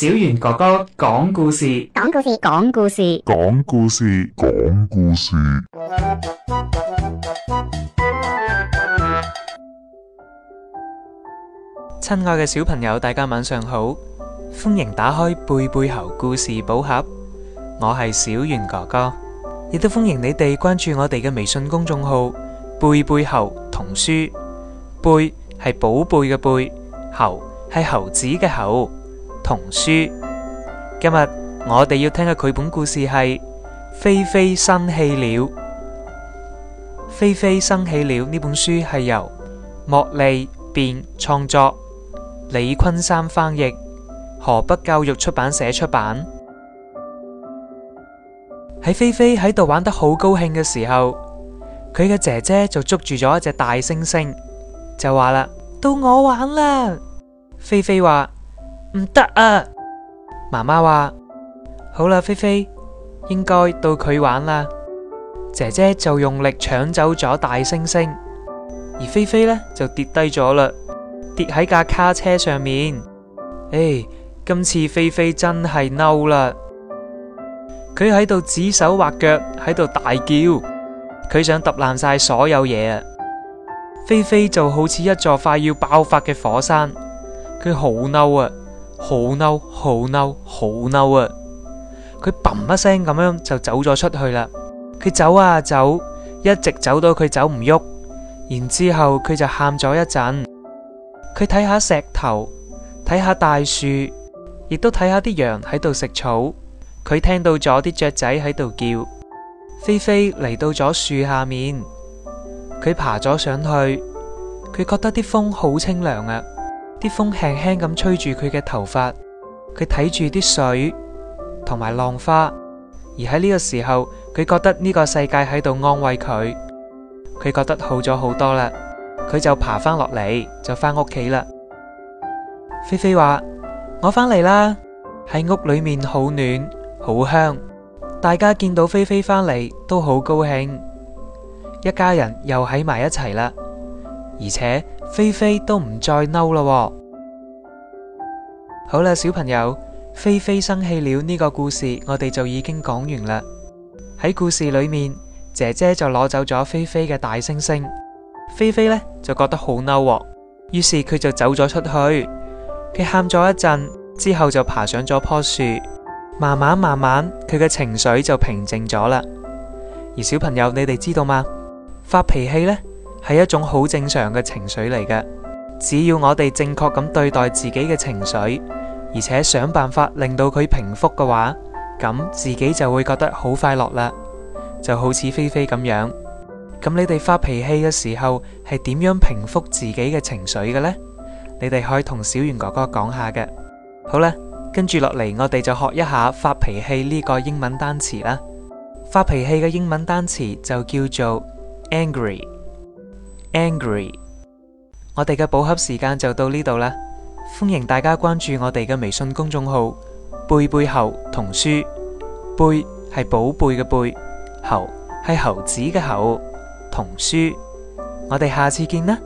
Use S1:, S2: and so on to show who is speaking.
S1: 小袁哥哥講故事，講故事，講故事，講故事，講故事，講故事。親愛嘅小朋友，大家晚上好，歡迎打開貝貝猴故事寶盒，我係小袁哥哥，亦都歡迎你哋關注我哋嘅微信公眾號“貝貝猴童書”，貝係寶貝嘅貝，猴係猴子嘅猴。童書，今日我哋要聽嘅繪本故事係《菲菲生氣了》。《菲菲生氣了》呢本書係由莫莉卞創作，李坤姍翻譯，河北教育出版社出版。喺菲菲喺度玩得好高興嘅時候，佢嘅姐姐就捉住咗一隻大猩猩，就話啦：到我玩啦！菲菲話。唔得啊！媽媽話，好啦，菲菲應該到佢玩啦。姐姐就用力搶走咗大猩猩，而菲菲呢，就跌低咗啦，跌喺架卡車上面。唉、哎，今次菲菲真係嬲啦，佢喺度指手畫腳，喺度大叫，佢想揼爛晒所有嘢啊！菲菲就好似一座快要爆發嘅火山，佢好嬲啊！好嬲，好嬲，好嬲啊！佢嘭一聲咁樣就走咗出去啦。佢走啊走，一直走到佢走唔喐，然之後佢就喊咗一陣。佢睇下石頭，睇下大樹，亦都睇下啲羊喺度食草。佢聽到咗啲雀仔喺度叫，菲菲嚟到咗樹下面，佢爬咗上去，佢覺得啲風好清涼啊！啲風輕輕咁吹住佢嘅頭髮，佢睇住啲水同埋浪花，而喺呢個時候，佢覺得呢個世界喺度安慰佢，佢覺得好咗好多啦。佢就爬翻落嚟，就翻屋企啦。菲菲話：我返嚟啦，喺屋裏面好暖好香，大家見到菲菲返嚟都好高興，一家人又喺埋一齊啦。而且菲菲都唔再嬲咯。哦，好啦，小朋友，菲菲生氣了呢個故事我哋就已經講完啦。喺故事裏面，姐姐就攞走咗菲菲嘅大猩猩，菲菲呢就覺得好嬲，於是佢就走咗出去，佢喊咗一陣之後就爬上咗棵樹，慢慢慢慢佢嘅情緒就平靜咗啦。而小朋友，你哋知道嗎？發脾氣呢。係一種好正常嘅情緒嚟嘅。只要我哋正確咁對待自己嘅情緒，而且想辦法令到佢平復嘅話，咁自己就會覺得好快樂啦。就好似菲菲咁樣。咁你哋發脾氣嘅時候係點樣平復自己嘅情緒嘅呢？你哋可以同小袁哥哥講下嘅。好啦，跟住落嚟，我哋就學一下發脾氣呢個英文單詞啦。發脾氣嘅英文單詞就叫做 Angry。Angry，我哋嘅寶盒時間就到呢度啦。歡迎大家關注我哋嘅微信公眾號貝貝猴童書，貝係寶貝嘅貝，猴係猴子嘅猴。童書。我哋下次見啦。